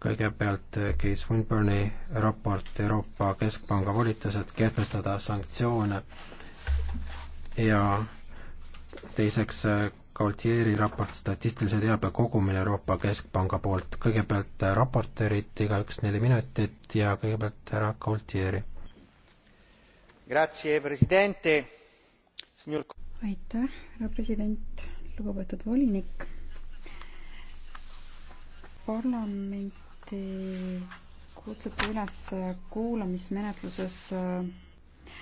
kõigepealt eh, Keith Swinburne'i raport Euroopa Keskpanga volitused kehtestada sanktsioone ja teiseks eh, Gaultieri raport statistilise teabe kogumine Euroopa Keskpanga poolt. kõigepealt eh, raportöörid, igaüks neli minutit ja kõigepealt härra Gaultieri. aitäh, härra president, lugupeetud volinik. parlament te kutsute üles kuulamismenetluses äh,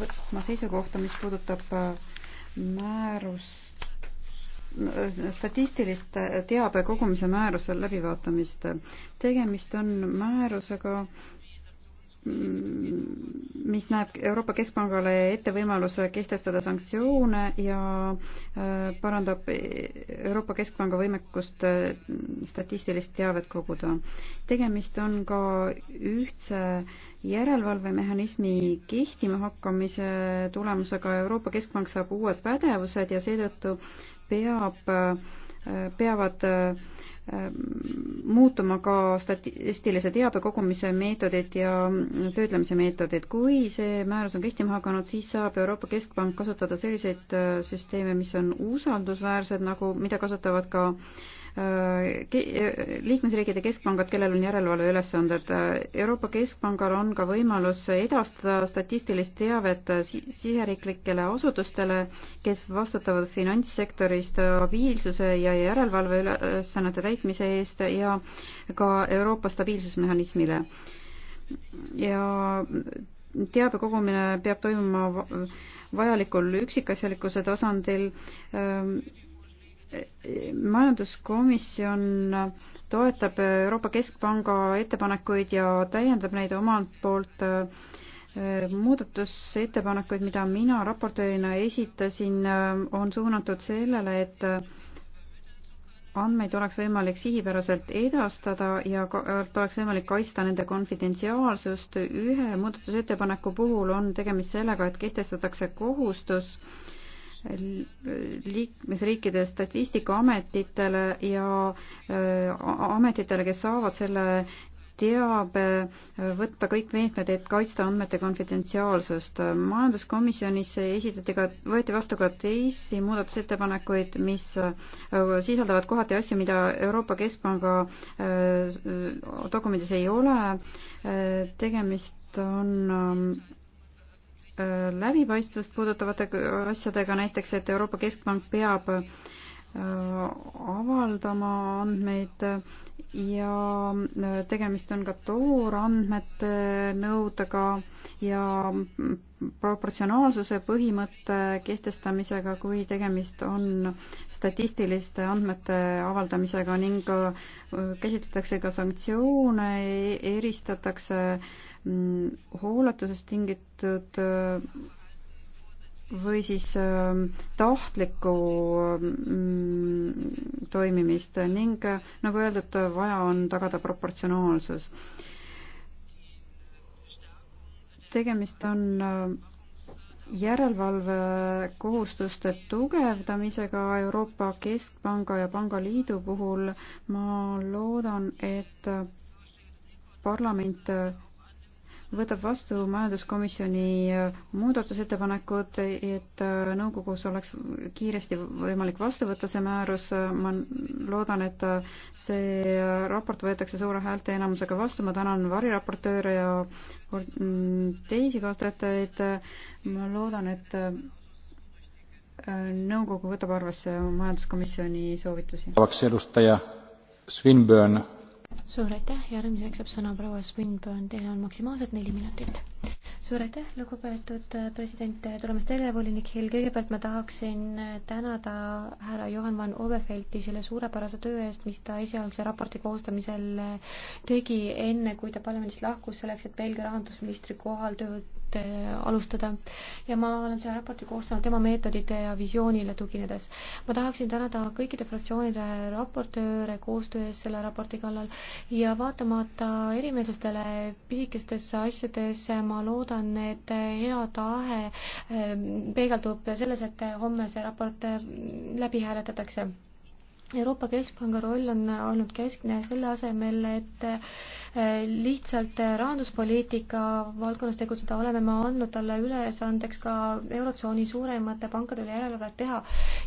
võtma seisukohta, mis puudutab äh, määrust, äh, statistilist teabe kogumise määruse läbivaatamist. tegemist on määrusega, Mm, mis näeb Euroopa Keskpangale ette võimaluse kehtestada sanktsioone ja äh, parandab Euroopa Keskpanga võimekust äh, statistilist teavet koguda. tegemist on ka ühtse järelevalvemehhanismi kehtima hakkamise tulemusega Euroopa Keskpank saab uued pädevused ja seetõttu peab, äh, peavad Ähm, muutuma ka statistilise teabe kogumise meetodid ja töötlemise meetodid. kui see määrus on kehtima hakanud, siis saab Euroopa Keskpank kasutada selliseid äh, süsteeme, mis on usaldusväärsed, nagu, mida kasutavad ka äh, liikmesriikide keskpangad, kellel on järelevalve ülesanded. Euroopa Keskpangal on ka võimalus edastada statistilist teavet siseriiklikele asutustele, kes vastutavad finantssektori stabiilsuse ja järelevalve ülesannete täitmise eest ja ka Euroopa stabiilsusmehhanismile. ja teabe kogumine peab toimuma vajalikul üksikasjalikkuse tasandil ähm, majanduskomisjon toetab Euroopa Keskpanga ettepanekuid ja täiendab neid omalt poolt äh, muudatusettepanekuid, mida mina raportöörina esitasin, äh, on suunatud sellele, et äh, andmeid oleks võimalik sihipäraselt edastada ja oleks võimalik kaitsta nende konfidentsiaalsust. ühe muudatusettepaneku puhul on tegemist sellega, et kehtestatakse kohustus äh, liikmesriikide statistikaametitele ja äh, ametitele, kes saavad selle teabe, äh, võtta kõik meetmed, et kaitsta andmete konfidentsiaalsust. majanduskomisjonis esitati ka, võeti vastu ka teisi muudatusettepanekuid, mis äh, sisaldavad kohati asju, mida Euroopa Keskpanga dokumendis ei ole. tegemist on ähm, Äh, läbipaistvust puudutavate asjadega, näiteks et Euroopa Keskpank peab äh, Äh, avaldama andmeid ja äh, tegemist on ka toorandmete nõudega ja proportsionaalsuse põhimõtte kehtestamisega, kui tegemist on statistiliste andmete avaldamisega ning äh, käsitletakse ka sanktsioone, eristatakse mm, hooletusest tingitud või siis ähm, tahtlikku mm, toimimist ning äh, nagu öeldud, vaja on tagada proportsionaalsus. tegemist on äh, järelevalvekohustuste tugevdamisega Euroopa Keskpanga ja Pangaliidu puhul. ma loodan, et äh, parlament võtab vastu majanduskomisjoni äh, muudatusettepanekud, et äh, nõukogus oleks kiiresti võimalik vastu võtta see määrus. ma loodan, et äh, see raport võetakse suure häälteenamusega vastu. ma tänan variraportööre ja mm, teisi kaastöötajaid. ma loodan, et nõukogu võtab arvesse majanduskomisjoni soovitusi. oleks edustaja Swinburne suur aitäh, järgmiseks saab sõna proua Swinburne, teil on maksimaalselt neli minutit suur aitäh, lugupeetud äh, president, tulemas teile, volinik Hill, kõigepealt ma tahaksin äh, tänada härra Johan van Overfelti selle suurepärase töö eest, mis ta esialgse raporti koostamisel äh, tegi, enne kui ta parlamendist lahkus, selleks et Belgia rahandusministri kohal tööd alustada. ja ma olen selle raporti koostanud tema meetodite ja visioonile tuginedes. ma tahaksin tänada kõikide fraktsioonide raportööre koostöö eest selle raporti kallal ja vaatamata erimeelsustele pisikestes asjades ma loodan, loodan, et hea tahe ehm, peegeldub selles, et homme see raport ehm, läbi hääletatakse. Euroopa Keskpanga roll on olnud keskne selle asemel, et lihtsalt eh, rahanduspoliitika valdkonnas tegutseda, oleme me andnud talle ülesandeks ka Eurotsooni suuremate pankade üle järelevalvet teha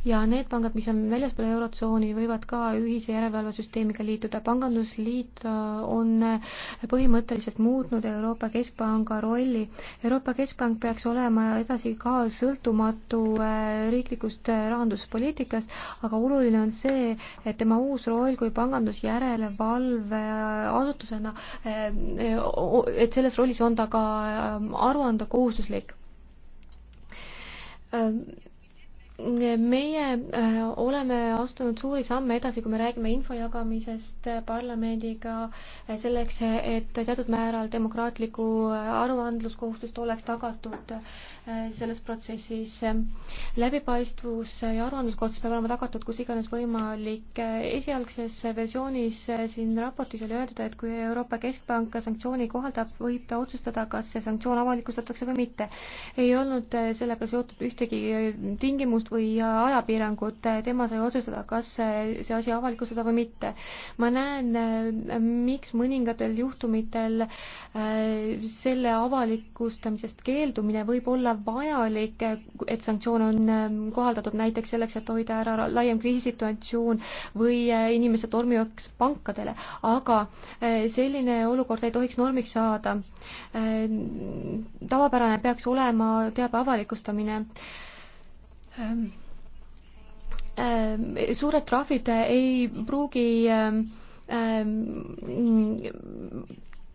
ja need pangad, mis on väljaspool Eurotsooni, võivad ka ühise järelevalvesüsteemiga liituda. pangandusliit eh, on eh, põhimõtteliselt muutnud Euroopa Keskpanga rolli. Euroopa Keskpank peaks olema edasi ka sõltumatu riiklikust rahanduspoliitikast, aga oluline on see, et tema uus roll kui pangandusjärelevalve asutusena Ehm, et selles rollis on ta ka ehm, aruandekohustuslik ehm, meie äh, oleme astunud suuri samme edasi, kui me räägime info jagamisest äh, parlamendiga, äh, selleks, et teatud määral demokraatlikku aruandluskohustust oleks tagatud selles protsessis. läbipaistvus ja aruandluskohustus peab olema tagatud kus iganes võimalik. esialgses versioonis siin raportis oli öeldud, et kui Euroopa Keskpank sanktsiooni kohaldab, võib ta otsustada, kas see sanktsioon avalikustatakse või mitte. ei olnud sellega seotud ühtegi tingimust, küsimust või ajapiirangut, tema sai otsustada, kas see asi avalikustada või mitte. ma näen, äh, miks mõningatel juhtumitel äh, selle avalikustamisest keeldumine võib olla vajalik, et sanktsioon on ähm, kohaldatud näiteks selleks, et hoida ära laiem kriisisituatsioon või äh, inimeste tormivaks pankadele, aga selline olukord ei tohiks normiks saada. tavapärane peaks olema teabe avalikustamine Ähm, ähm, suured trahvid ei pruugi ähm,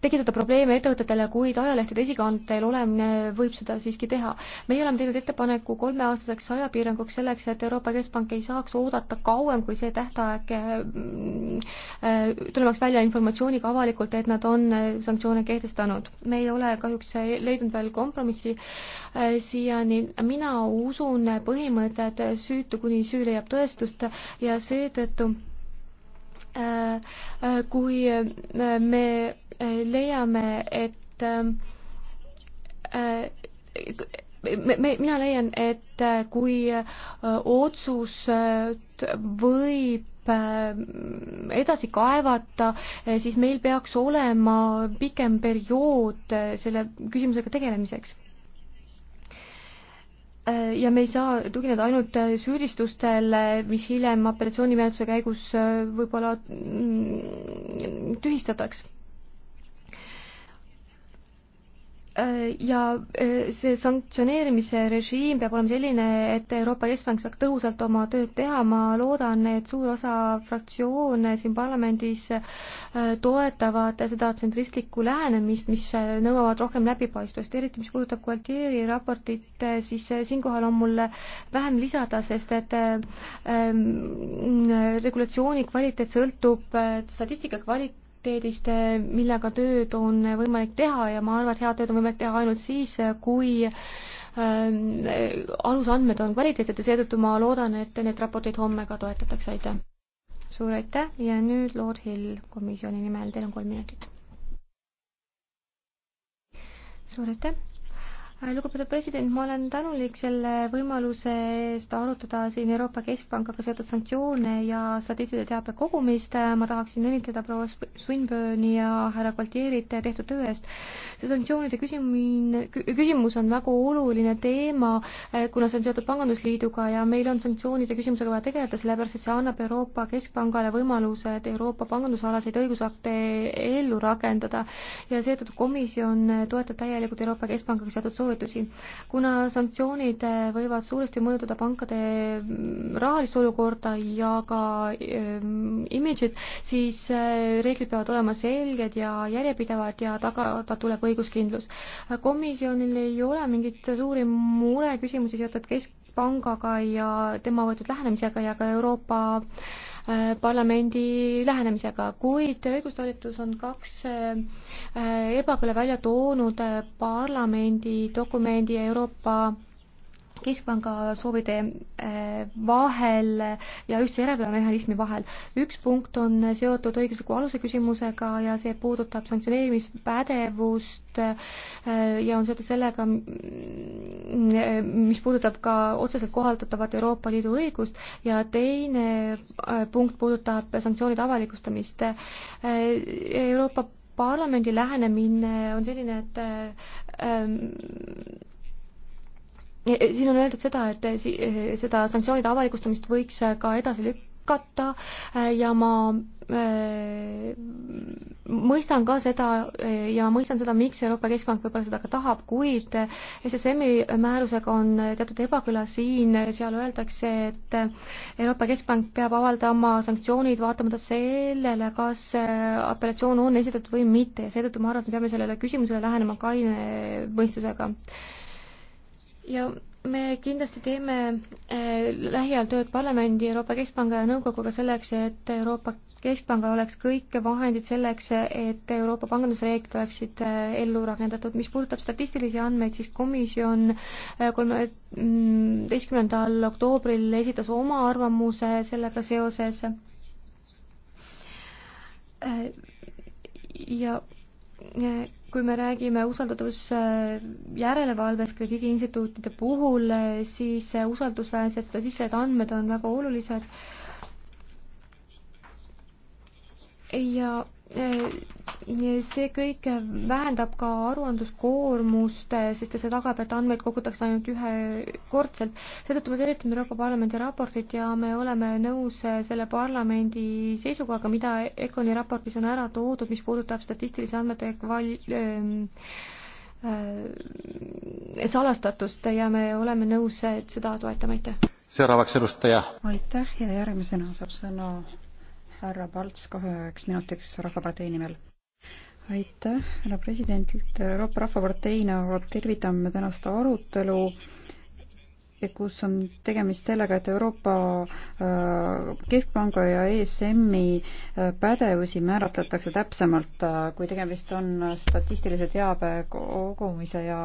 tekitada probleeme ettevõtetele, kuid ajalehtede esikaantel olemine võib seda siiski teha. meie oleme teinud ettepaneku kolmeaastaseks ajapiiranguks selleks, et Euroopa Keskpank ei saaks oodata kauem kui see tähtaeg mm, äh, tulemaks välja informatsiooniga avalikult, et nad on äh, sanktsioone kehtestanud. me ei ole kahjuks äh, leidnud veel kompromissi siiani. mina usun põhimõtet süütu, kuni süü leiab tõestust ja seetõttu Äh, äh, kui äh, me leiame, et me, me, mina leian, et kui otsus võib edasi kaevata, siis meil peaks olema pikem periood selle küsimusega tegelemiseks ja me ei saa tugineda ainult süüdistustele, mis hiljem apellatsioonimenetluse käigus äh, võib-olla mm, tühistataks Äh, ja äh, see sanktsioneerimise režiim peab olema selline, et Euroopa Keskpank saaks tõhusalt oma tööd teha, ma loodan, et suur osa fraktsioone siin parlamendis äh, toetavad seda tsentristlikku lähenemist, mis nõuavad rohkem läbipaistvust, eriti mis puudutab Gualtieri raportit, siis siinkohal on mul vähem lisada, sest et ähm, regulatsiooni kvaliteet sõltub statistika kvaliteedist, kvaliteedist, millega tööd on võimalik teha ja ma arvan, et head tööd on võimalik teha ainult siis, kui äh, alusandmed on kvaliteetsed ja seetõttu ma loodan, et need raportid homme ka toetatakse, aitäh! suur aitäh ja nüüd Lord Hill komisjoni nimel, teil on kolm minutit. suur aitäh! Äh, lugupeetud president, ma olen tänulik selle võimaluse eest arutada siin Euroopa Keskpangaga seotud sanktsioone ja statistilise teabe kogumist. Äh, ma tahaksin õnnitleda proua Swinburne'i ja härra Baltierit tehtud töö eest. see sanktsioonide küsimine, küsimus on väga oluline teema, äh, kuna see on seotud Pangandusliiduga ja meil on sanktsioonide küsimusega vaja tegeleda, sellepärast et see annab Euroopa Keskpangale võimaluse, et Euroopa pangandusalaseid õigusakte ellu rakendada ja seetõttu komisjon toetab täielikult Euroopa Keskpangaga seotud soovi jõupingutusi. kuna sanktsioonid võivad suuresti mõjutada pankade mm, rahalist olukorda ja ka ehm, imidžit, siis eh, reeglid peavad olema selged ja järjepidevad ja tagada tuleb õiguskindlus. komisjonil ei ole mingeid suuri mureküsimusi seotud keskpangaga ja tema võetud lähenemisega ja ka Euroopa Äh, parlamendi lähenemisega, kuid õigustalitus on kaks äh, ebakõle välja toonud äh, parlamendi dokumendi ja Euroopa keskpanga soovide äh, vahel ja ühtse järelevalvemehhanismi vahel. üks punkt on seotud õigusliku aluse küsimusega ja see puudutab sanktsioneerimispädevust äh, ja on seotud sellega, mm, äh, mis puudutab ka otseselt kohaldatavat Euroopa Liidu õigust ja teine punkt puudutab sanktsioonide avalikustamist. Euroopa Parlamendi lähenemine on selline, et ähm, siin on öeldud seda, et eh, eh, seda sanktsioonide avalikustamist võiks eh, ka edasi lükata ja ma mõistan ka seda ja mõistan seda, miks Euroopa Keskpank võib-olla seda ka tahab, kuid SSM-i määrusega on teatud ebakõla siin, seal öeldakse, et Euroopa Keskpank peab avaldama sanktsioonid vaatamata sellele, kas apellatsioon on esitatud või mitte ja seetõttu ma arvan, et me peame sellele küsimusele lähenema kaine mõistusega ja me kindlasti teeme eh, lähiajal tööd parlamendi, Euroopa Keskpanga ja nõukoguga selleks, et Euroopa Keskpanga oleks kõik vahendid selleks, et Euroopa pangandusreeglid oleksid eh, ellu rakendatud. mis puudutab statistilisi andmeid, siis komisjon eh, kolmeteistkümnendal mm, oktoobril esitas oma arvamuse sellega seoses. ja kui me räägime usaldusjärelevalvest krediidiinstituutide puhul, siis usaldusväärsed statistilised andmed on väga olulised ja Äh, see kõik vähendab ka aruandluskoormust, äh, sest see tagab, et andmeid kogutakse ainult ühekordselt. seetõttu me tervitame Euroopa Parlamendi raportit ja me oleme nõus äh, selle parlamendi seisukohaga, mida ECONi raportis on ära toodud, mis puudutab statistilise andmete kval-, salastatust ja me oleme nõus seda toetama, aitäh. seuraavaks edustaja. aitäh ja järgmisena saab sõna härra Palts kaheks minutiks Rahvapartei nimel. aitäh, härra president, Euroopa Rahvaparteina tervitame tänast arutelu kus on tegemist sellega, et Euroopa äh, Keskpanga ja ESM-i äh, pädevusi määratletakse täpsemalt, äh, kui tegemist on statistilise teabe kogumise ja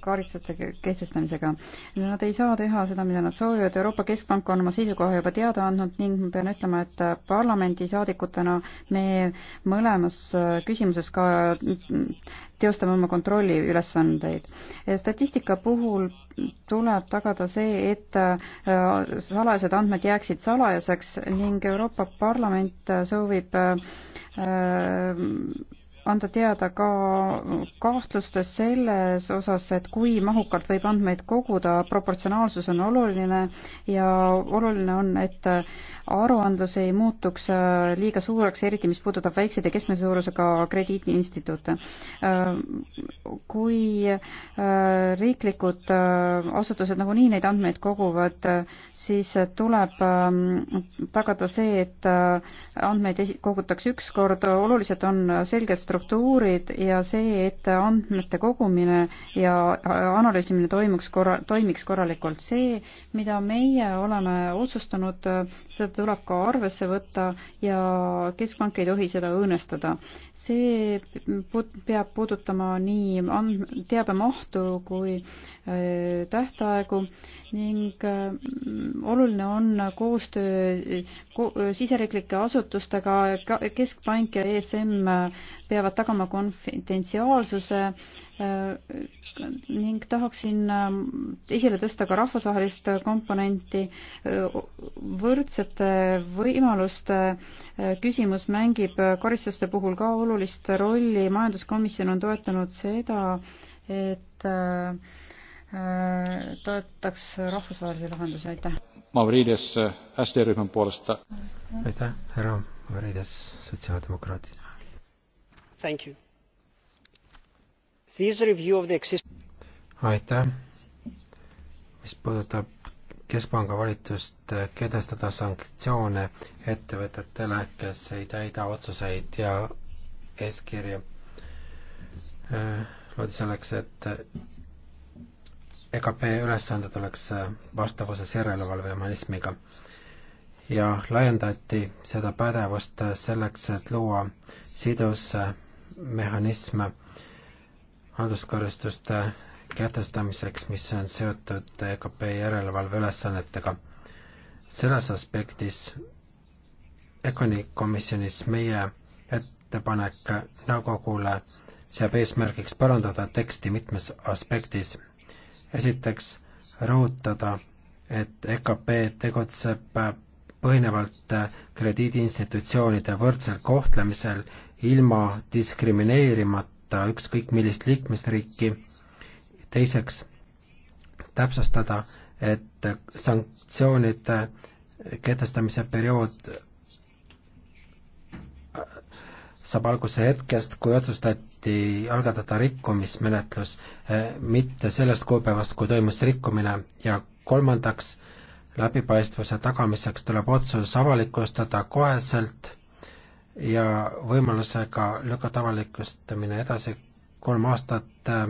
kaaritsate kehtestamisega. Nad ei saa teha seda, mida nad soovivad, Euroopa Keskpank on oma seisukoha juba teada andnud ning ma pean ütlema, et parlamendisaadikutena me mõlemas küsimuses ka teostame oma kontrolliülesandeid. statistika puhul tuleb tagada see, et äh, salajased andmed jääksid salajaseks ning Euroopa Parlament soovib äh, anda teada ka kahtlustest selles osas, et kui mahukalt võib andmeid koguda, proportsionaalsus on oluline ja oluline on, et aruandlus ei muutuks liiga suureks, eriti mis puudutab väikseid ja keskmise suurusega krediidiinstituute. kui riiklikud asutused nagunii neid andmeid koguvad, siis tuleb tagada see, et andmeid kogutakse üks kord, olulised on selged struktuurid, struktuurid ja see, et andmete kogumine ja analüüsimine toimuks korra, toimiks korralikult. see, mida meie oleme otsustanud, seda tuleb ka arvesse võtta ja Keskpank ei tohi seda õõnestada. see peab puudutama nii and-, teabe mahtu kui äh, tähtaegu ning äh, oluline on koostöö siseriiklike asutustega, Keskpank ja ESM peavad tagama konfidentsiaalsuse äh, ning tahaksin äh, esile tõsta ka rahvusvahelist komponenti. Äh, võrdsete võimaluste küsimus mängib karistuste puhul ka olulist rolli. majanduskomisjon on toetanud seda, et toetaks rahvusvahelisi lahendusi, aitäh. Mavrides SD-rühma puolest. aitäh, härra Mavrides, sotsiaaldemokraatide aitäh. mis puudutab keskpanga valitsust eh, kehtestada sanktsioone ettevõtetele, kes ei täida otsuseid ja eeskirju, eh, loodi selleks, et EKP eh, e ülesanded oleks vastavuses järelevalvemehhanismiga ja laiendati seda pädevust selleks, et luua sidus mehhanism halduskaristuste kätestamiseks, mis on seotud EKP järelevalve ülesannetega. selles aspektis EKONi komisjonis meie ettepanek nõukogule seab eesmärgiks parandada teksti mitmes aspektis. esiteks rõhutada, et EKP tegutseb põhinevalt krediidiinstitutsioonide võrdsel kohtlemisel ilma diskrimineerimata ükskõik millist liikmesriiki. teiseks, täpsustada, et sanktsioonide kehtestamise periood saab alguse hetkest, kui otsustati algatada rikkumismenetlus, eh, mitte sellest kuupäevast, kui toimus rikkumine ja kolmandaks, läbipaistvuse tagamiseks tuleb otsus avalikustada koheselt ja võimalusega lükata avalikustamine edasi kolm aastat äh,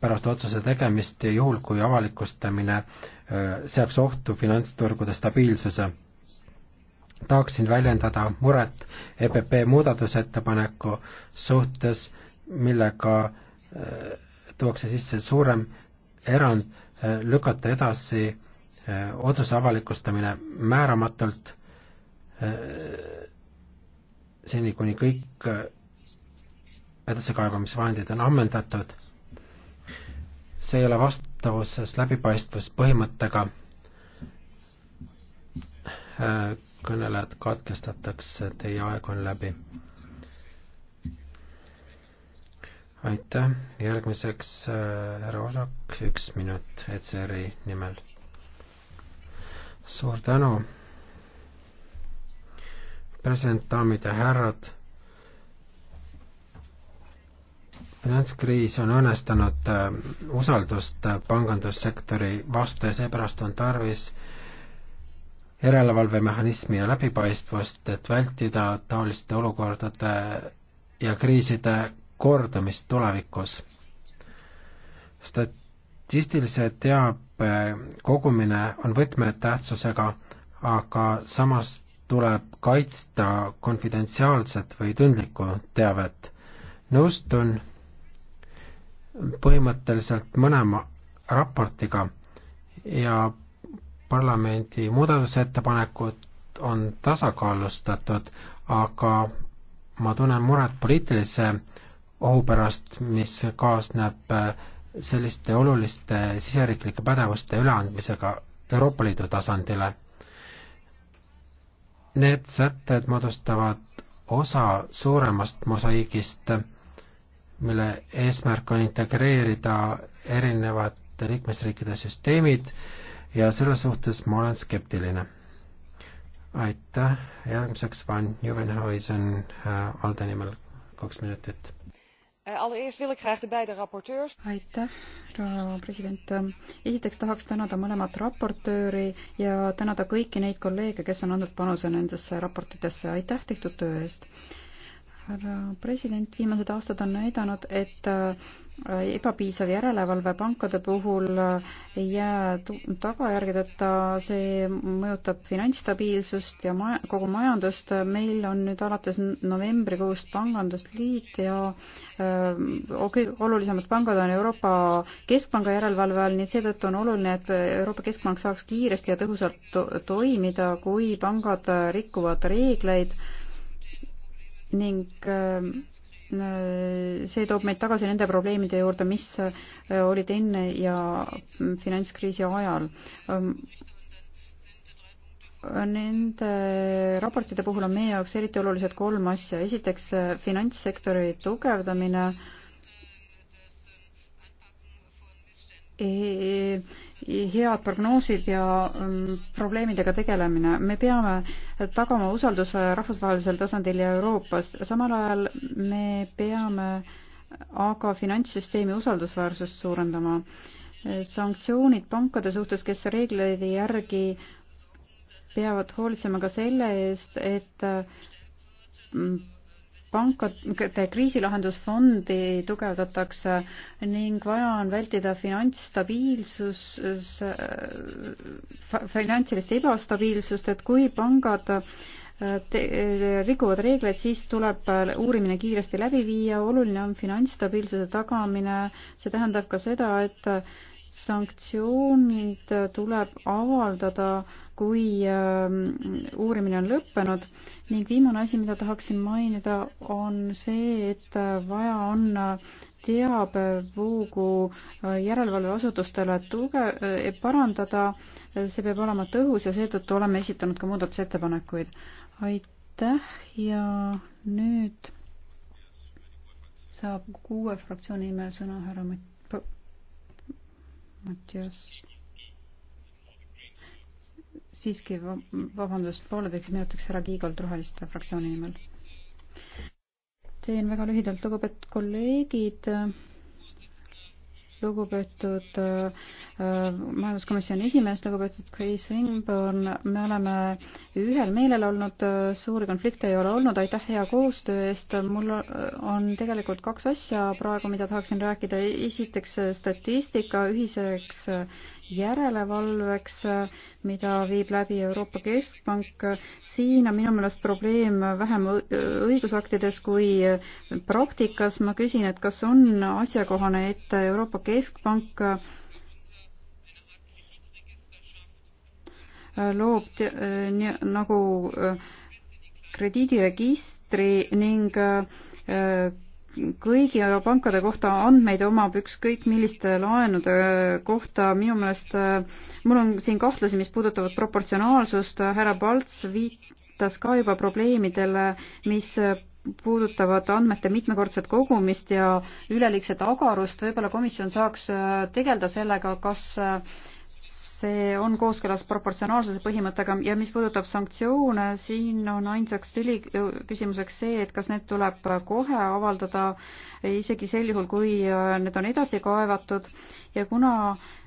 pärast otsuse tegemist, juhul kui avalikustamine äh, seaks ohtu finantsturgude stabiilsuse. tahaksin väljendada muret EPP muudatusettepaneku suhtes, millega äh, tuuakse sisse suurem erand lükata edasi otsuse avalikustamine määramatult seni, kuni kõik äh, edasikaebamisvahendid on ammendatud. see ei ole vastavuses läbipaistvuspõhimõttega. Äh, kõnelejad katkestatakse, teie aeg on läbi. aitäh, järgmiseks äh, härra Osak, üks minut ECR-i nimel. suur tänu president, daamid ja härrad. finantskriis on õõnestanud äh, usaldust äh, pangandussektori vastu ja seepärast on tarvis järelevalvemehhanismi ja läbipaistvust, et vältida taoliste olukordade ja kriiside kordamist tulevikus. statistilise teabe kogumine on võtmetähtsusega, aga samas tuleb kaitsta konfidentsiaalset või tundlikku teavet. nõustun põhimõtteliselt mõlema raportiga ja parlamendi muudatusettepanekud on tasakaalustatud, aga ma tunnen muret poliitilise ohu pärast, mis kaasneb äh, selliste oluliste siseriiklike pädevuste üleandmisega Euroopa Liidu tasandile Need sätted moodustavad osa suuremast mosaiigist, mille eesmärk on integreerida erinevate liikmesriikide süsteemid ja selles suhtes ma olen skeptiline. aitäh, järgmiseks Van Juvenhuisen äh, ALDE nimel kaks minutit. Eh, allereerst wil ik graag de beide rapporteurs. aitäh, proua president. esiteks tahaks tänada mõlemat raportööri ja tänada kõiki neid kolleege, kes on andnud panuse nendesse raportitesse. aitäh tehtud töö eest härra president, viimased aastad on näidanud, et äh, ebapiisav järelevalve pankade puhul äh, ei jää tagajärgedeta, see mõjutab finantsstabiilsust ja maja, kogu majandust. meil on nüüd alates novembrikuust pangandusliit ja äh, kõige olulisemad pangad on Euroopa Keskpanga järelevalve all, nii et seetõttu on oluline, et Euroopa Keskpank saaks kiiresti ja tõhusalt to toimida, kui pangad rikuvad reegleid ning ähm, äh, see toob meid tagasi nende probleemide juurde, mis äh, olid enne ja mm, finantskriisi ajal. Ähm, nende raportide puhul on meie jaoks eriti olulised kolm asja. esiteks äh, finantssektori tugevdamine e, head prognoosid ja ähm, probleemidega tegelemine. me peame tagama usalduse rahvusvahelisel tasandil ja Euroopas, samal ajal me peame aga finantssüsteemi usaldusväärsust suurendama. sanktsioonid pankade suhtes, kes reegleid ei järgi, peavad hoolitsema ka selle eest, et mm, pankade kriisilahendusfondi tugevdatakse ning vaja on vältida finantsstabiilsus, finantsilist ebastabiilsust, et kui pangad rikuvad reegleid, siis tuleb uurimine kiiresti läbi viia, oluline on finantsstabiilsuse tagamine, see tähendab ka seda, et sanktsioonid tuleb avaldada äh, kui ähm, uurimine on lõppenud ning viimane asi, mida tahaksin mainida, on see, et äh, vaja on äh, teabevoogu äh, järelevalveasutustele tuge, parandada, see peab olema tõhus ja seetõttu oleme esitanud ka muudatusettepanekuid. aitäh ja nüüd saab kuue fraktsiooni nimel sõna härra Mat-, Mattias siiski vabandust, pooleteiseks minutiks härra Kiigolt Roheliste fraktsiooni nimel. teen väga lühidalt, lugupeetud kolleegid, lugupeetud äh, majanduskomisjoni esimees, lugupeetud Chris Ringborn, me oleme ühel meelel olnud, suuri konflikte ei ole olnud, aitäh hea koostöö eest, mul on tegelikult kaks asja praegu, mida tahaksin rääkida, esiteks statistika ühiseks järelevalveks, mida viib läbi Euroopa Keskpank. siin on minu meelest probleem vähem õigusaktides kui praktikas. ma küsin, et kas on asjakohane, et Euroopa Keskpank loob nagu krediidiregistri ning äh, kõigi pankade kohta andmeid omab ükskõik milliste laenude kohta, minu meelest äh, mul on siin kahtlusi, mis puudutavad proportsionaalsust, härra Palts viitas ka juba probleemidele, mis puudutavad andmete mitmekordset kogumist ja üleliigset agarust, võib-olla komisjon saaks äh, tegeleda sellega, kas äh, see on kooskõlas proportsionaalsuse põhimõttega ja mis puudutab sanktsioone, siin on ainsaks tüli küsimuseks see, et kas need tuleb kohe avaldada, isegi sel juhul, kui äh, need on edasi kaevatud ja kuna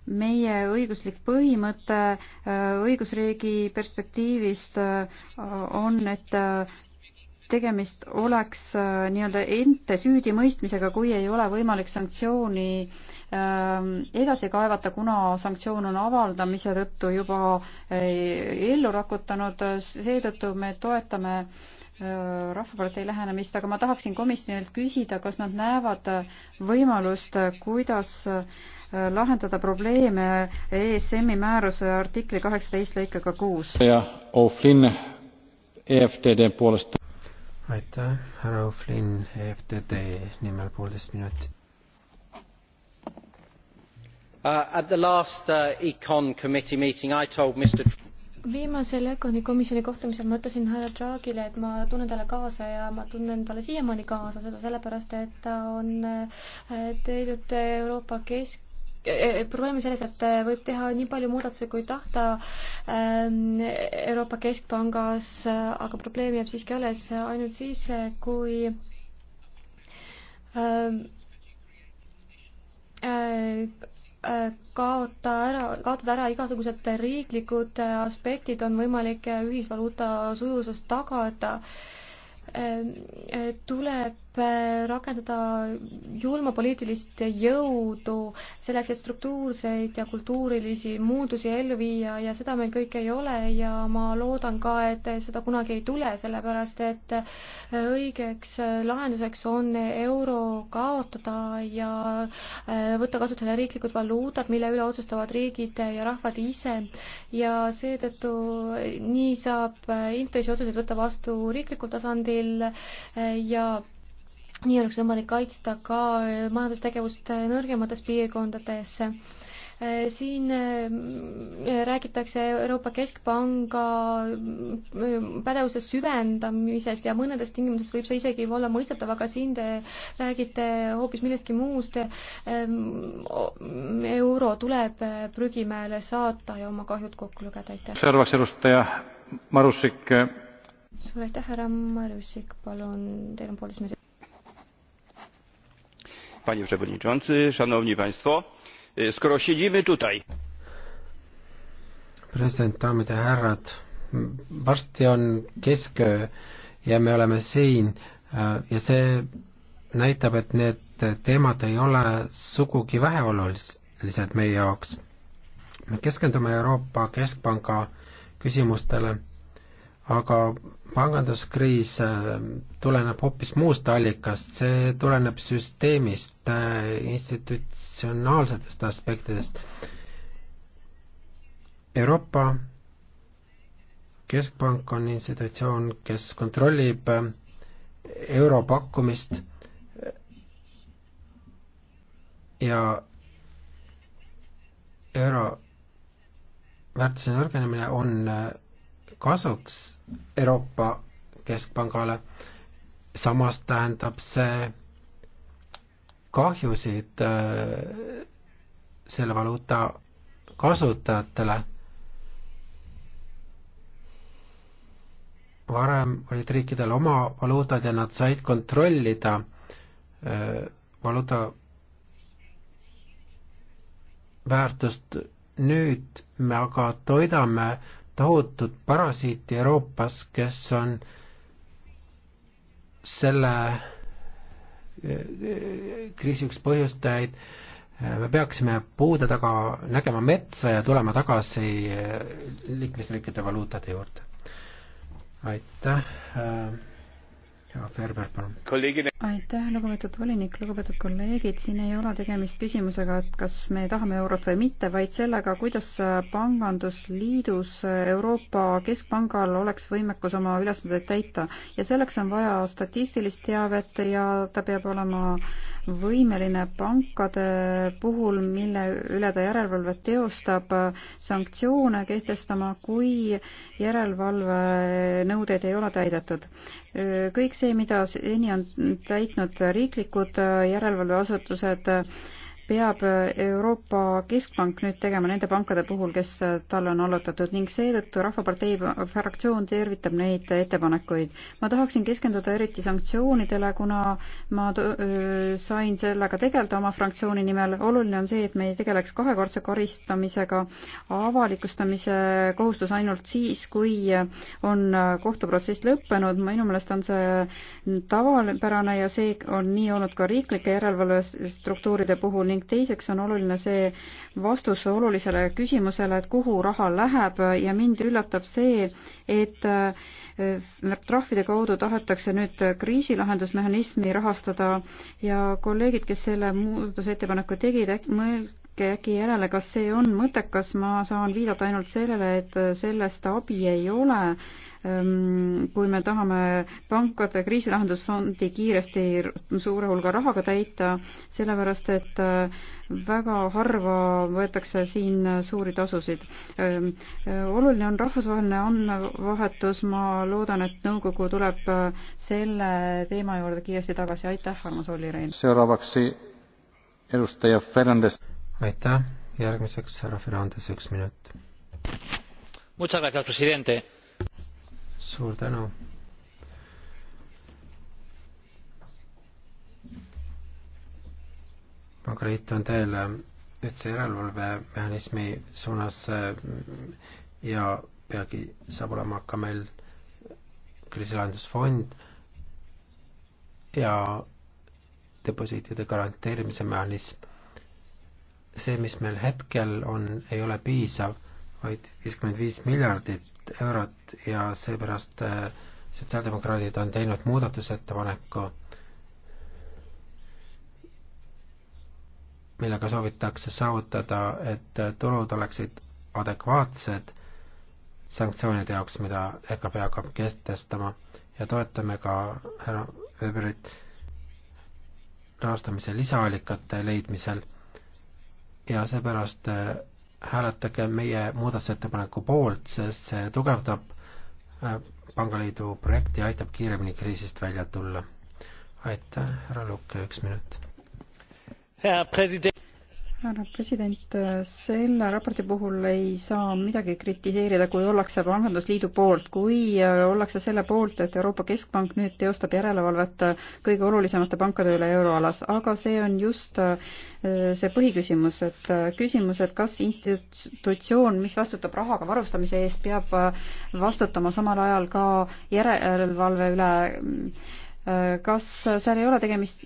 meie õiguslik põhimõte äh, õigusriigi perspektiivist äh, on, et tegemist oleks äh, nii-öelda ente süüdimõistmisega, kui ei ole võimalik sanktsiooni ähm, edasi kaevata, kuna sanktsioon on avaldamise tõttu juba äh, ellu rakutanud, seetõttu me toetame äh, Rahvapartei lähenemist, aga ma tahaksin komisjonilt küsida, kas nad näevad võimalust, kuidas lahendada probleeme ESM-i määruse artikli kaheksateist lõikega kuus. ja O'Flynn EFTD puolesta aitäh, härra Oflin, EFTD nimel poolteist minutit. Uh, at the last uh, econ committee meeting I told Mr viimasel ECONi komisjoni kohtumisel ma ütlesin härra Draagile, et ma tunnen talle kaasa ja ma tunnen talle siiamaani kaasa, seda sellepärast, et ta on äh, teinud Euroopa kesk, Äh, probleem on selles, et äh, võib teha nii palju muudatusi, kui tahta ähm, Euroopa Keskpangas, äh, aga probleem jääb siiski alles ainult siis, kui ähm, kaota ära, kaotada ära igasugused riiklikud aspektid, on võimalik ühisvaluuta sujuvust tagada ähm, tuleb rakendada julma poliitilist jõudu selleks, et struktuurseid ja kultuurilisi muutusi ellu viia ja seda meil kõike ei ole ja ma loodan ka, et seda kunagi ei tule, sellepärast et õigeks lahenduseks on euro kaotada ja äh, võtta kasutusele riiklikud valuutad, mille üle otsustavad riigid ja rahvad ise ja seetõttu nii saab intressiotsuseid võtta vastu riiklikul tasandil äh, ja nii oleks võimalik kaitsta ka äh, majandustegevust äh, nõrgemates piirkondades. Äh, siin räägitakse Euroopa Keskpanga pädevuse süvendamisest ja mõnedes tingimustes võib see isegi olla mõistetav, aga siin te räägite hoopis millestki muust. euro tuleb prügimäele saata ja oma kahjud kokku lugeda, aitäh. arvaks edustaja Marusik. suur aitäh, härra Marusik, palun, teil on poolteist minutit panie przewodniczący szanowni państwo! E, skoro siedzimy tutaj president daamid ja härrad varsti on kesköö ja me oleme siin äh, ja see näitab et need teemad ei ole sugugi väheolulised meie jaoks me keskendume euroopa keskpanga küsimustele aga panganduskriis äh, tuleneb hoopis muust allikast, see tuleneb süsteemist, äh, institutsionaalsetest aspektidest. Euroopa Keskpank on institutsioon, kes kontrollib äh, euro pakkumist ja euro väärtuse nõrgenemine on kasuks Euroopa Keskpangale, samas tähendab see kahjusid äh, selle valuuta kasutajatele. varem olid riikidel oma valuutad ja nad said kontrollida äh, valuuta väärtust, nüüd me aga toidame tohutut parasiiti Euroopas, kes on selle eh, eh, kriisi üks põhjustajaid, eh, me peaksime puude taga nägema metsa ja tulema tagasi liikmesriikide valuutade juurde. aitäh äh, ja Ferber, palun. aitäh, lugupeetud volinik, lugupeetud kolleegid, siin ei ole tegemist küsimusega, et kas me tahame eurot või mitte, vaid sellega, kuidas pangandusliidus Euroopa Keskpangal oleks võimekus oma ülesandeid täita ja selleks on vaja statistilist teavet ja ta peab olema äh, võimeline pankade puhul, mille üle ta järelevalvet teostab, sanktsioone kehtestama, kui järelevalvenõudeid ei ole täidetud. kõik see, mida seni on täitnud riiklikud järelevalveasutused, peab äh, Euroopa Keskpank nüüd tegema nende pankade puhul, kes äh, talle on allutatud ning seetõttu Rahvapartei fraktsioon tervitab neid ettepanekuid. ma tahaksin keskenduda eriti sanktsioonidele, kuna ma sain sellega tegeleda oma fraktsiooni nimel. oluline on see, et me ei tegeleks kahekordse karistamisega, avalikustamise kohustus ainult siis, kui on äh, kohtuprotsess lõppenud. minu meelest on see tavapärane ja see on nii olnud ka riiklike järelevalvestruktuuride puhul ning ning teiseks on oluline see vastus olulisele küsimusele, et kuhu raha läheb ja mind üllatab see, et äh, trahvide kaudu tahetakse nüüd kriisilahendusmehhanismi rahastada ja kolleegid, kes selle muudatusettepaneku tegid, mõelge äkki järele, kas see on mõttekas, ma saan viidata ainult sellele, et sellest abi ei ole Ehm, kui me tahame pankade kriisilahendusfondi kiiresti suure hulga rahaga täita, sellepärast et äh, väga harva võetakse siin suuri tasusid. Ehm, oluline on rahvusvaheline andmevahetus, ma loodan, et nõukogu tuleb äh, selle teema juurde kiiresti tagasi, aitäh, armas Olli Rein! aitäh, järgmiseks härra Fernandes, üks minut. Muchas gracias, presidente suur tänu. Margareet on teel ühtse järelevalvemehhanismi suunas eh, ja peagi saab olema ka meil kriisilahendusfond ja deposiitide garanteerimise mehhanism. see, mis meil hetkel on, ei ole piisav vaid viiskümmend viis miljardit eurot ja seepärast äh, sotsiaaldemokraadid on teinud muudatusettepaneku, millega soovitakse saavutada, et äh, tulud oleksid adekvaatsed sanktsioonide jaoks, mida EKP hakkab kehtestama ja toetame ka härra Weberit rahastamise lisaallikate leidmisel ja seepärast äh, hääletage meie muudatusettepaneku poolt, sest see tugevdab äh, pangaliidu projekti ja aitab kiiremini kriisist välja tulla. aitäh, härra Lukke, üks minut härra president, selle raporti puhul ei saa midagi kritiseerida, kui ollakse Pangandusliidu poolt, kui äh, ollakse selle poolt, et Euroopa Keskpank nüüd teostab järelevalvet äh, kõige olulisemate pankade üle euroalas, aga see on just äh, see põhiküsimus, et küsimus, et kas institutsioon, mis vastutab rahaga varustamise eest, peab vastutama samal ajal ka järelevalve üle mm, kas seal ei ole tegemist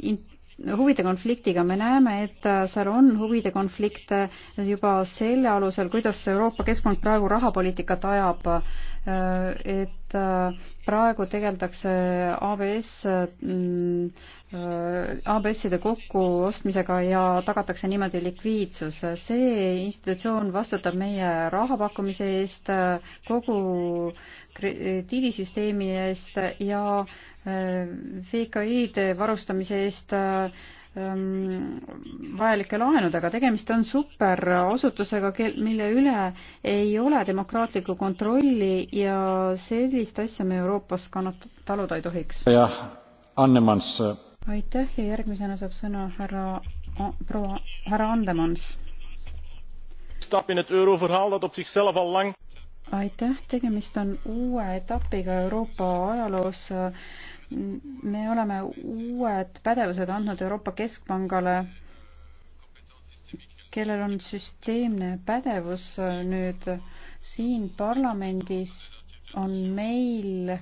huvide konfliktiga, me näeme, et seal on huvide konflikte juba selle alusel, kuidas Euroopa Keskpank praegu rahapoliitikat ajab, et praegu tegeldakse ABS, ABS-ide kokkuostmisega ja tagatakse niimoodi likviidsus. see institutsioon vastutab meie rahapakkumise eest, kogu krediidisüsteemi eest ja äh, VKI-de varustamise eest ähm, vajalike laenudega, tegemist on superasutusega, mille üle ei ole demokraatlikku kontrolli ja sellist asja me Euroopas kannat-, taluda ei tohiks. jah, Annemans. Äh, aitäh ja järgmisena saab sõna härra proua, härra Andemans. aitäh, tegemist on uue etapiga Euroopa ajaloos äh, me oleme uued pädevused andnud Euroopa Keskpangale, kellel on süsteemne pädevus nüüd siin parlamendis on meil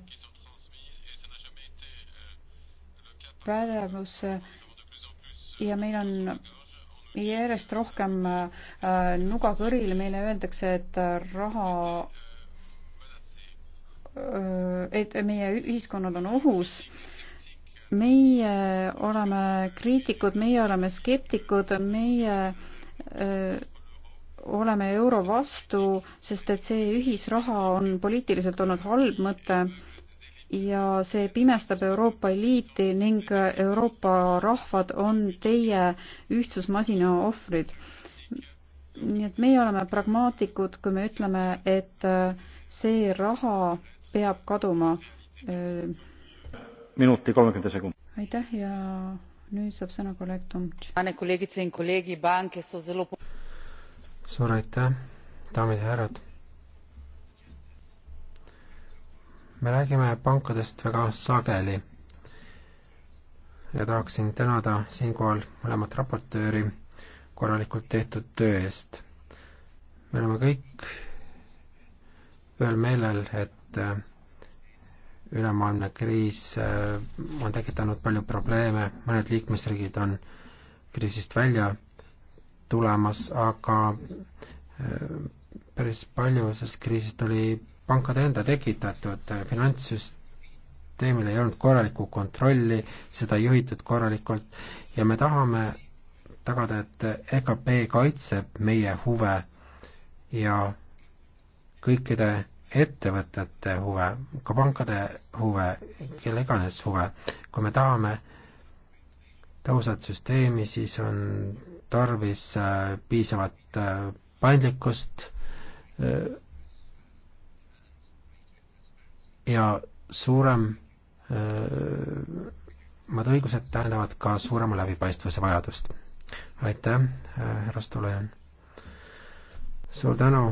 pädevus ja meil on järjest rohkem äh, nuga kõril, meile öeldakse, et raha et meie ühiskonnad on ohus. meie oleme kriitikud, meie oleme skeptikud, meie öö, oleme euro vastu, sest et see ühisraha on poliitiliselt olnud halb mõte ja see pimestab Euroopa eliiti ning Euroopa rahvad on teie ühtsusmasina ohvrid. nii et meie oleme pragmaatikud, kui me ütleme, et see raha peab kaduma. Äh, minuti kolmekümne sekund. aitäh ja nüüd saab sõna kolleeg Tomtš. suur aitäh, daamid ja härrad. me räägime pankadest väga sageli ja tahaksin tänada siinkohal mõlemat raportööri korralikult tehtud töö eest. me oleme kõik ühel meelel, et et äh, ülemaailmne kriis äh, on tekitanud palju probleeme, mõned liikmesriigid on kriisist välja tulemas, aga äh, päris palju sellest kriisist oli pankade enda tekitatud, finantssüsteemil ei olnud korralikku kontrolli, seda ei juhitud korralikult ja me tahame tagada, et EKP kaitseb meie huve ja kõikide ettevõtete huve, ka pankade huve, kelle iganes huve. kui me tahame tõhusat süsteemi, siis on tarvis äh, piisavat äh, paindlikkust äh, ja suurem mad õigused tähendavad ka suurema läbipaistvuse vajadust. aitäh, härra Stolojan! suur tänu,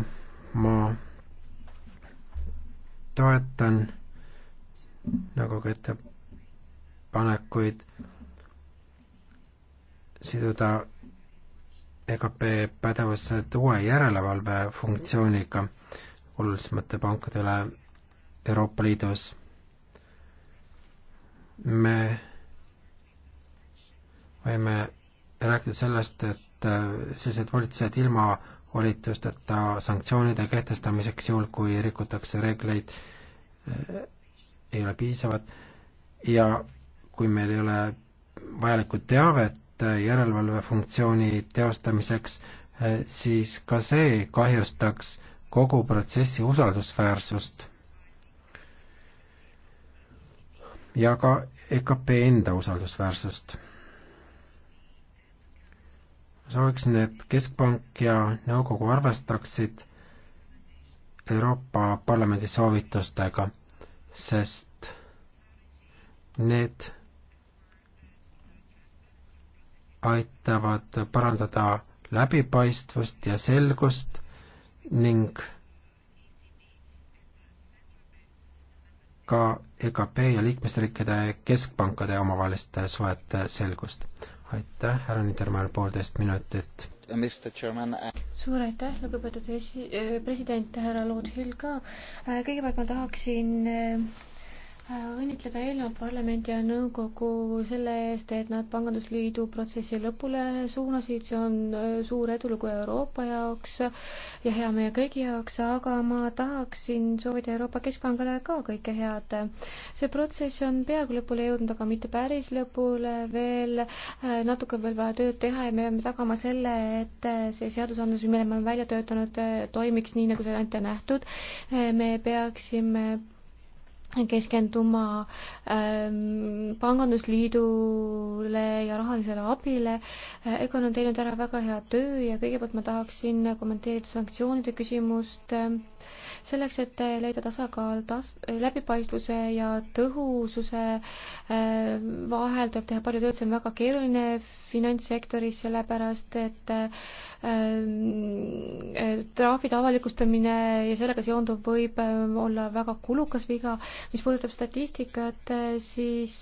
ma toetan nõukogu ettepanekuid siduda EKP pädevusse uue järelevalve funktsiooniga olulisemate pankade üle Euroopa Liidus. me võime rääkides sellest, et äh, sellised volitused ilma volitusteta sanktsioonide kehtestamiseks, juhul kui rikutakse reegleid, äh, ei ole piisavad ja kui meil ei ole vajalikku teavet äh, järelevalvefunktsiooni teostamiseks, siis ka see kahjustaks kogu protsessi usaldusväärsust ja ka EKP enda usaldusväärsust sooviksin, et Keskpank ja nõukogu arvestaksid Euroopa Parlamendi soovitustega, sest need aitavad parandada läbipaistvust ja selgust ning ka EKP ja liikmesriikide keskpankade omavaheliste suhete selgust aitäh, härra Niedermayer, poolteist minutit. Uh, suur aitäh, lugupeetud esi-, eh, president härra Lord Hill ka. Äh, kõigepealt ma tahaksin äh, õnnitleda eelnevat parlamendi ja nõukogu selle eest, et nad pangandusliidu protsessi lõpule suunasid, see on äh, suur edulugu Euroopa jaoks ja hea meie kõigi jaoks, aga ma tahaksin soovida Euroopa Keskpangale ka kõike head. see protsess on peaaegu lõpule jõudnud, aga mitte päris lõpule veel, äh, natuke on veel vaja tööd teha ja me peame tagama selle, et äh, see seadusandlus, mille me oleme välja töötanud, toimiks nii, nagu see on ette nähtud. me peaksime keskenduma ähm, pangandusliidule ja rahalisele abile. Äh, Egon on teinud ära väga hea töö ja kõigepealt ma tahaksin kommenteerida sanktsioonide küsimust äh, selleks, et äh, leida tasakaal tas-, äh, läbipaistvuse ja tõhususe äh, vahel tuleb teha palju tööd, see on väga keeruline finantssektoris, sellepärast et trahvide avalikustamine ja sellega seonduv võib olla väga kulukas viga. mis puudutab statistikat, siis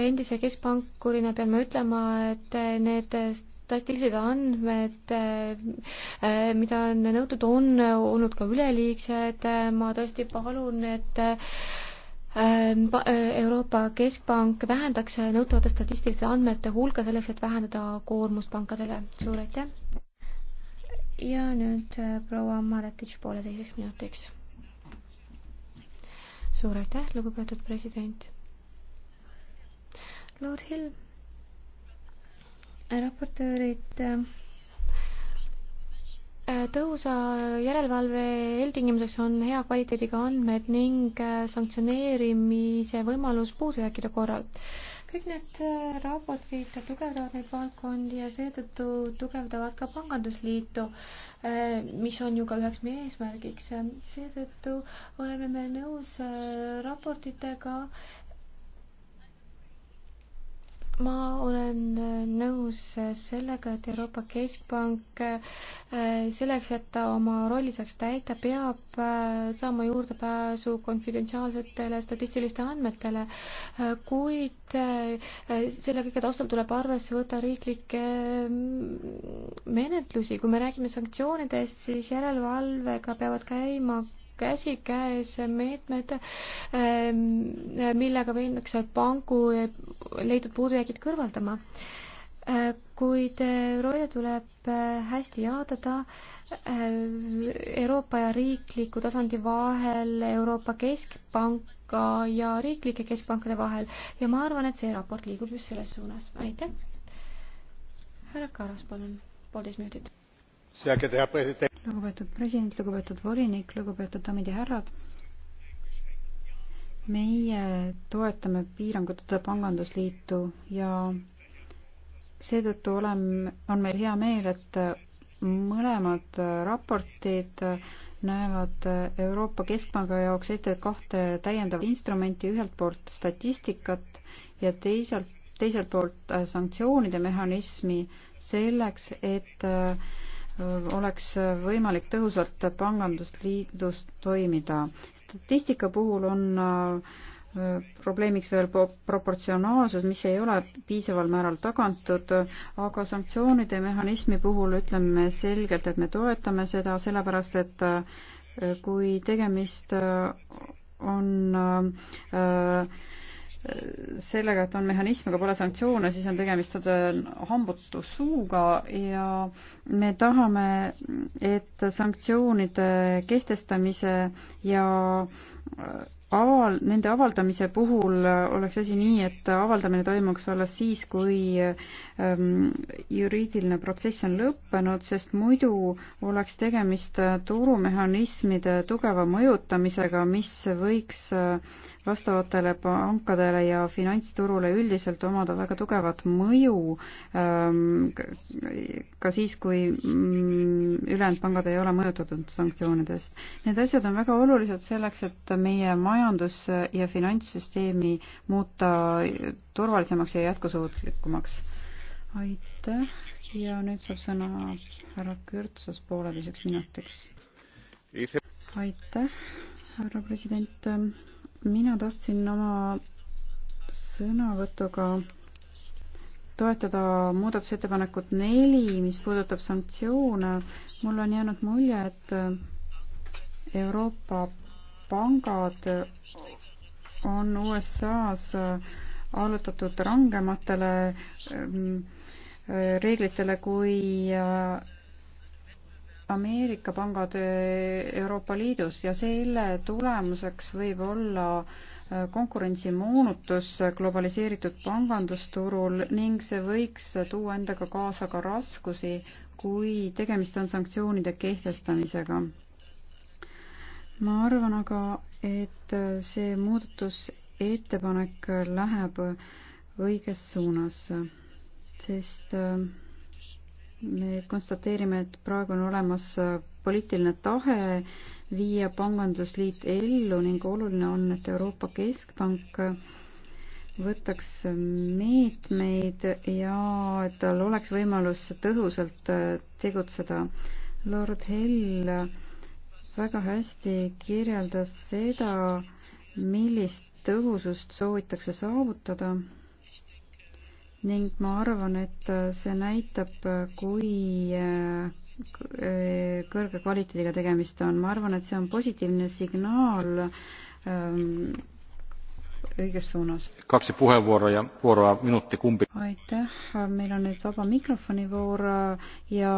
endise keskpankurina pean ma ütlema, et need statistilised andmed, eh, mida on nõutud, on olnud ka üleliigsed, ma tõesti palun, et eh, Euroopa Keskpank vähendaks nõutavate statistiliste andmete hulka selleks, et vähendada koormust pankadele. suur aitäh! ja nüüd eh, proua Maletitš pooleteiseks minutiks. suur aitäh, lugupeetud president Lord Hill, raportöörid äh, äh, tõhusa järelevalve eeltingimuseks on hea kvaliteediga andmed ning äh, sanktsioneerimise võimalus puudujääkide korral. kõik need raportid tugevdavad neid valdkondi ja seetõttu tugevdavad ka Pangandusliitu, mis on ju ka üheks meie eesmärgiks. seetõttu oleme me nõus raportitega, ma olen äh, nõus äh, sellega, et Euroopa Keskpank äh, selleks, et ta oma rolli saaks täita, peab saama juurdepääsu konfidentsiaalsetele statistiliste andmetele, kuid selle kõige taustal tuleb arvesse võtta riiklikke mm, menetlusi. kui me räägime sanktsioonidest, siis järelevalvega peavad käima käsikäes meetmed, ähm, millega veendakse pangu leidnud puudujäägid kõrvaldama. Äh, kuid äh, rolle tuleb äh, hästi jaotada Euroopa ja riikliku tasandi vahel, Euroopa Keskpanka ja riiklike keskpankade vahel ja ma arvan, et see raport liigub just selles suunas. aitäh! härra Karas, palun, poolteist minutit lugupeetud president, lugupeetud volinik, lugupeetud daamid ja härrad. meie toetame piiranguteta pangandusliitu ja seetõttu oleme, on meil hea meel, et mõlemad raportid näevad Euroopa Keskpanga jaoks ette kahte täiendavat instrumenti, ühelt poolt statistikat ja teisalt, teiselt poolt sanktsioonide mehhanismi selleks, et äh, oleks võimalik tõhusalt pangandusliidus toimida. statistika puhul on äh, probleemiks veel proportsionaalsus, mis ei ole piisaval määral tagantud, aga sanktsioonide mehhanismi puhul ütleme selgelt, et me toetame seda, sellepärast et äh, kui tegemist äh, on äh, sellega, et on mehhanism, aga pole sanktsioone, siis on tegemist hambutu suuga ja me tahame, et sanktsioonide kehtestamise ja aval-, nende avaldamise puhul oleks asi nii, et avaldamine toimuks alles siis, kui ähm, juriidiline protsess on lõppenud, sest muidu oleks tegemist turumehhanismide tugeva mõjutamisega, mis võiks äh, vastavatele pankadele ja finantsturule üldiselt omada väga tugevat mõju ähm, ka siis, kui mm, ülejäänud pangad ei ole mõjutatud sanktsioonidest. Need asjad on väga olulised selleks, et meie majandus ja finantssüsteemi muuta turvalisemaks ja jätkusuutlikumaks. aitäh ja nüüd saab sõna härra Kürtsas pooleteiseks minutiks. aitäh, härra president mina tahtsin oma sõnavõtuga toetada muudatusettepanekut neli, mis puudutab sanktsioone. mul on jäänud mulje, et Euroopa pangad on USA-s allutatud rangematele ähm, reeglitele kui äh, Ameerika pangad Euroopa Liidus ja selle tulemuseks võib olla äh, konkurentsimoonutus globaliseeritud pangandusturul ning see võiks tuua endaga kaasa ka raskusi, kui tegemist on sanktsioonide kehtestamisega. ma arvan aga, et see muudatusettepanek läheb õiges suunas, sest äh, me konstateerime, et praegu on olemas äh, poliitiline tahe viia pangandusliit ellu ning oluline on, et Euroopa Keskpank äh, võtaks äh, meetmeid ja et tal oleks võimalus tõhusalt tegutseda. Lord Hell väga hästi kirjeldas seda, millist tõhusust soovitakse saavutada ning ma arvan, et see näitab, kui eh, kõrge kvaliteediga tegemist on, ma arvan, et see on positiivne signaal ähm, õiges suunas. kaks puhevuoro ja vuoro minuti kumbi. aitäh, meil on nüüd vaba mikrofoni voor ja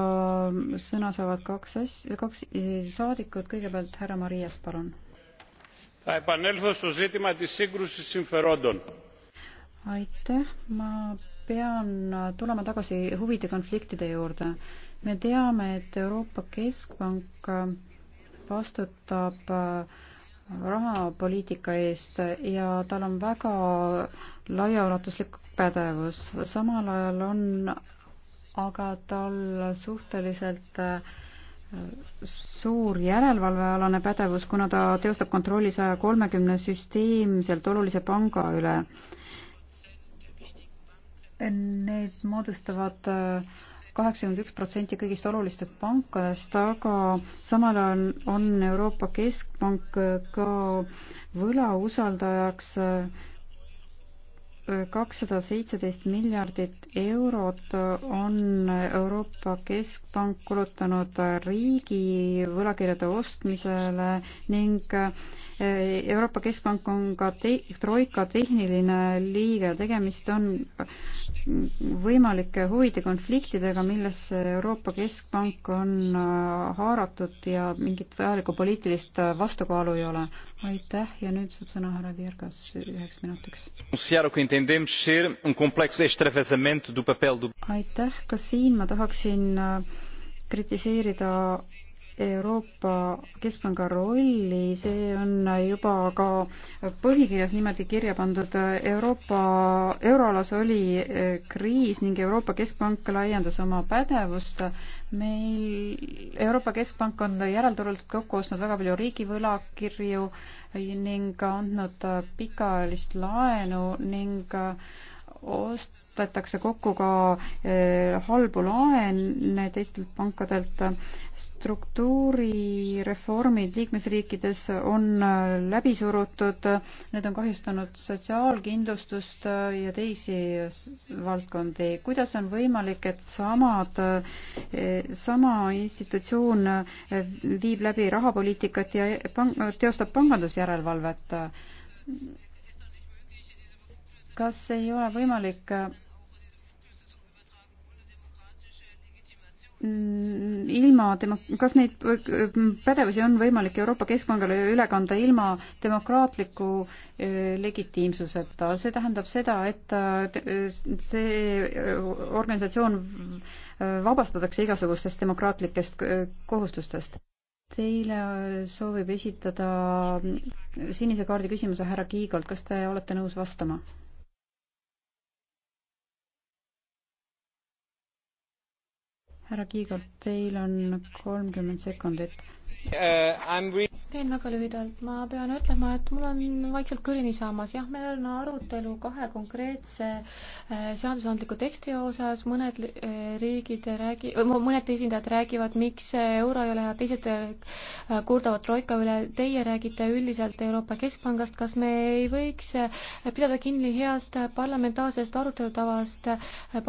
sõna saavad kaks asja, kaks saadikut, kõigepealt härra Marias, palun. aitäh, ma pean tulema tagasi huvide konfliktide juurde. me teame, et Euroopa Keskpank vastutab äh, rahapoliitika eest ja tal on väga laiaulatuslik pädevus. samal ajal on aga tal suhteliselt äh, suur järelevalvealane pädevus, kuna ta teostab kontrolli saja kolmekümne süsteemselt olulise panga üle Need moodustavad äh, kaheksakümmend üks protsenti kõigist olulistest pankadest, aga samal ajal on Euroopa Keskpank äh, ka võlausaldajaks äh, kakssada seitseteist miljardit eurot on Euroopa Keskpank kulutanud riigi võlakirjade ostmisele ning eh, Euroopa Keskpank on ka te troika tehniline liige, tegemist on võimalike huvide konfliktidega, millesse Euroopa Keskpank on eh, haaratud ja mingit vajalikku poliitilist vastukaalu ei ole. aitäh ja nüüd saab sõna härra Virgas üheks minutiks entendemos ser um complexo extravasamento do papel do aitäh, ka siin ma tahaksin äh, kritiseerida Euroopa Keskpanga rolli, see on juba ka põhikirjas niimoodi kirja pandud. Euroopa, euroalas oli eh, kriis ning Euroopa Keskpank laiendas oma pädevust. meil Euroopa Keskpank on järelturult kokku ostnud väga palju riigivõlakirju ning andnud pikaajalist laenu ning eh, ost-, ostetakse kokku ka eh, halbu laene teistelt pankadelt. struktuurireformid liikmesriikides on eh, läbi surutud, need on kahjustanud sotsiaalkindlustust eh, ja teisi valdkondi. kuidas on võimalik, et samad, sama institutsioon viib läbi rahapoliitikat ja pank, teostab pangandusjärelevalvet? kas ei ole võimalik Mm, ilma demo-, kas neid pädevusi on võimalik Euroopa Keskpangale üle kanda ilma demokraatliku legitiimsuseta, see tähendab seda, et äh, see organisatsioon vabastatakse igasugustest demokraatlikest kohustustest. Teile soovib esitada sinise kaardi küsimuse härra Kiigolt, kas te olete nõus vastama? härra Kiigolt, teil on kolmkümmend sekundit. Uh, teen väga lühidalt, ma pean ütlema, et mul on vaikselt kõrini saamas, jah, meil on arutelu kahe konkreetse äh, seadusandliku teksti osas, mõned äh, riigid räägi-, äh, mõned esindajad räägivad, miks euro ei ole hea, teised kurdavad troika üle, teie räägite üldiselt Euroopa Keskpangast, kas me ei võiks pidada kinni heast parlamentaarsest arutelutavast,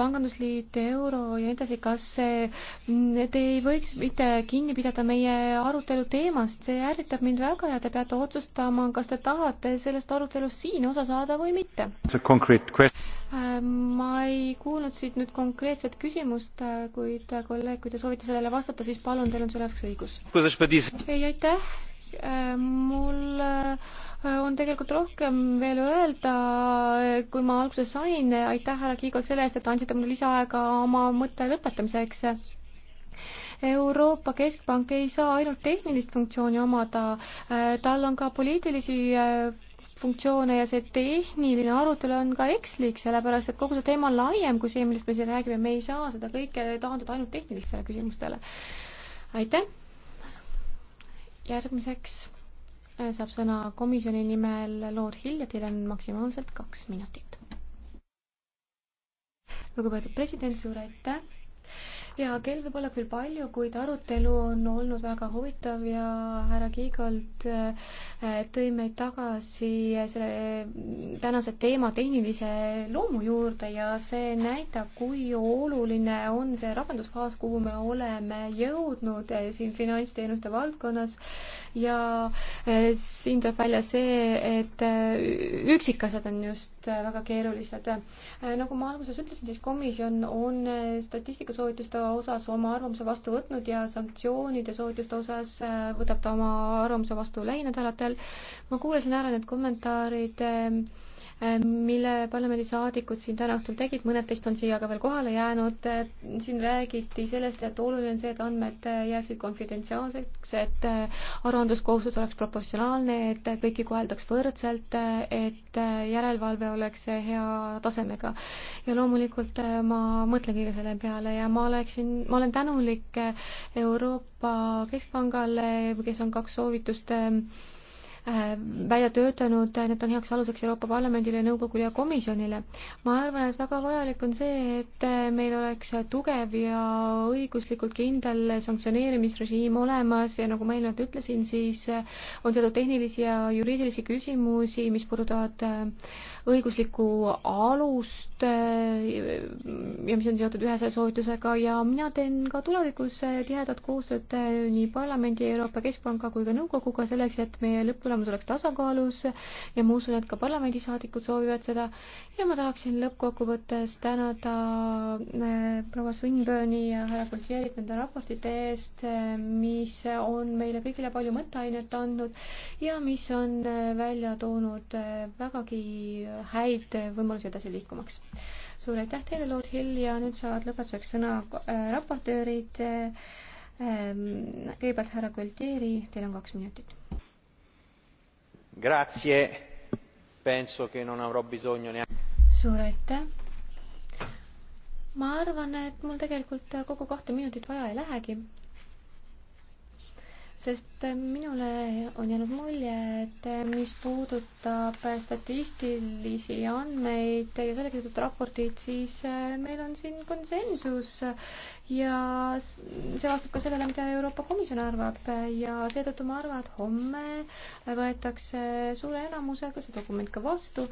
pangandusliit, euro ja nii edasi, kas te ei võiks mitte kinni pidada meie arutelu arutelu teemast, see ärritab mind väga ja te peate otsustama, kas te tahate sellest arutelust siin osa saada või mitte. Ähm, ma ei kuulnud siit nüüd konkreetset küsimust, äh, kuid äh, kolleeg, kui te soovite sellele vastata, siis palun, teil on selleks õigus. ei, aitäh äh, mul on tegelikult rohkem veel öelda, kui ma alguses sain. aitäh, härra Kiigol, selle eest, et andsite mulle lisaaega oma mõtte lõpetamiseks. Euroopa Keskpank ei saa ainult tehnilist funktsiooni omada, äh, tal on ka poliitilisi äh, funktsioone ja see tehniline arutelu on ka ekslik, sellepärast et kogu see teema on laiem kui see, millest me siin räägime, me ei saa seda kõike taandada ainult tehnilistele küsimustele. aitäh! järgmiseks äh, saab sõna komisjoni nimel Lord Hill ja teil on maksimaalselt kaks minutit. lugupeetud president, suur aitäh! ja kell võib olla küll palju, kuid arutelu on olnud väga huvitav ja härra Kiigolt äh, tõi meid tagasi äh, selle äh, tänase teema tehnilise loomu juurde ja see näitab, kui oluline on see rakendusfaas, kuhu me oleme jõudnud siin finantsteenuste valdkonnas ja siin tuleb välja see, et üksikasjad on just väga keerulised. nagu ma alguses ütlesin, siis komisjon on statistikasoovituste osas oma arvamuse vastu võtnud ja sanktsioonide soovituste osas äh, võtab ta oma arvamuse vastu lähinädalatel. ma kuulasin ära need kommentaarid ähm, Äh, mille parlamendisaadikud siin täna õhtul tegid, mõned teist on siia ka veel kohale jäänud. Äh, siin räägiti sellest, et oluline on see, et andmed äh, jääksid konfidentsiaalseks, et aruandluskohustus oleks proportsionaalne, et kõiki koheldaks võrdselt, et järelevalve oleks hea tasemega. ja loomulikult ma mõtlen kõige selle peale ja ma oleksin, ma olen tänulik Euroopa Keskpangale, kes on kaks soovitust Äh, välja töötanud, äh, need on heaks aluseks Euroopa Parlamendile, nõukogule ja komisjonile. ma arvan, et väga vajalik on see, et äh, meil oleks tugev ja õiguslikult kindel sanktsioneerimisrežiim olemas ja nagu ma eelnevalt ütlesin, siis on teatud tehnilisi ja juriidilisi küsimusi, mis puudutavad õiguslikku alust eh, ja mis on seotud ühese soovitusega ja mina teen ka tulevikus eh, tihedat koostööd eh, nii parlamendi, Euroopa Keskpanga kui ka nõukoguga selleks, et meie lõpptulemus oleks tasakaalus ja ma usun, et ka parlamendisaadikud soovivad seda ja ma tahaksin lõppkokkuvõttes tänada proua Swinburne'i ja härra Kultierit nende raportite eest, mis on meile kõigile palju mõtteainet andnud ja mis on välja toonud vägagi häid võimalusi edasi liikumaks. suur aitäh teile, Lord Hill ja nüüd saavad lõpetuseks sõna äh, raportöörid. Ähm, kõigepealt härra Gualtieri, teil on kaks minutit. Grazie, penso che non avrò bisogno neanche. suur aitäh ma arvan, et mul tegelikult kogu kahte minutit vaja ei lähegi sest äh, minule on jäänud mulje, et äh, mis puudutab äh, statistilisi andmeid ja sellega seotud raportit, siis meil on siin konsensus ja see vastab ka sellele, mida Euroopa Komisjon arvab ja seetõttu ma arvan, et homme võetakse suure enamusega see dokument ka vastu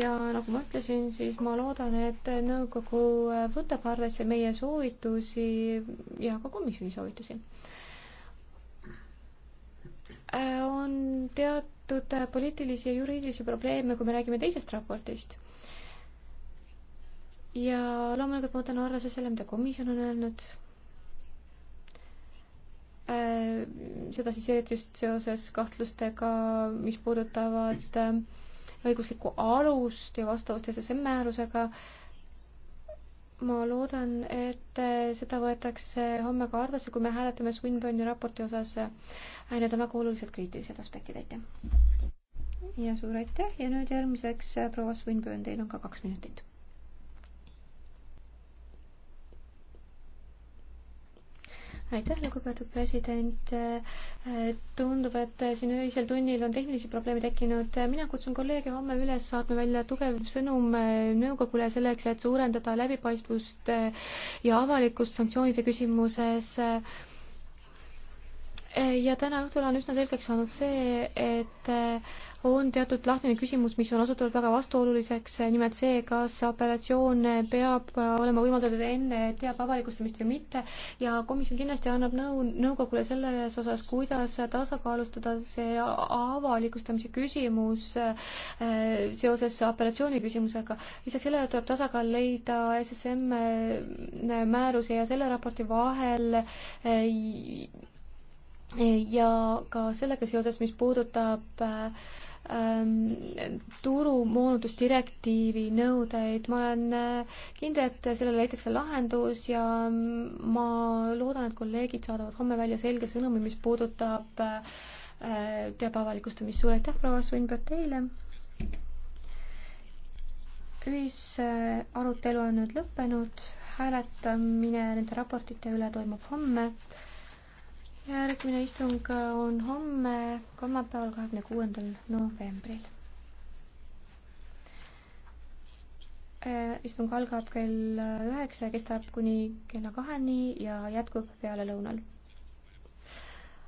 ja nagu ma ütlesin, siis ma loodan, et nõukogu võtab arvesse meie soovitusi ja ka komisjoni soovitusi on teatud poliitilisi ja juriidilisi probleeme, kui me räägime teisest raportist. ja loomulikult ma võtan arvesse selle, mida komisjon on öelnud. Äh, seda siis eriti just seoses kahtlustega, mis puudutavad äh, õiguslikku alust ja vastavust SSM määrusega äh, ma loodan, et äh, seda võetakse homme ka arvesse, kui me hääletame Swinburne'i raporti osas. Äh, need on väga olulised kriitilised aspektid, aitäh. ja suur aitäh ja nüüd järgmiseks äh, proua Swinburne, teil on ka kaks minutit aitäh, lugupeetud president. Äh, tundub, et siin öisel tunnil on tehnilisi probleeme tekkinud. Äh, mina kutsun kolleege homme üles saatma välja tugev sõnum äh, nõukogule selleks, et suurendada läbipaistvust ja avalikkust sanktsioonide küsimuses ja täna õhtul on üsna selgeks saanud see, et äh, on teatud lahtine küsimus, mis on osutunud väga vastuoluliseks, nimelt see, kas apellatsioon peab olema võimaldatud enne teabe avalikustamist või mitte ja komisjon kindlasti annab nõu nõukogule selles osas, kuidas tasakaalustada see avalikustamise küsimus äh, seoses apellatsiooni küsimusega. lisaks sellele tuleb tasakaal leida SSM äh, määruse ja selle raporti vahel ja ka sellega seoses, mis puudutab ähm, turumoonutusdirektiivi nõudeid, ma olen äh, kindel, et sellele leitakse lahendus ja mm, ma loodan, et kolleegid saadavad homme välja selge sõnumi, mis puudutab äh, teabe avalikustamist. suur aitäh, proua Sundberg teile! ühisarutelu on nüüd lõppenud, hääletamine nende raportite üle toimub homme järgmine istung on homme, kolmapäeval, kahekümne kuuendal novembril. Äh, istung algab kell üheksa ja kestab kuni kella kaheni ja jätkub pealelõunal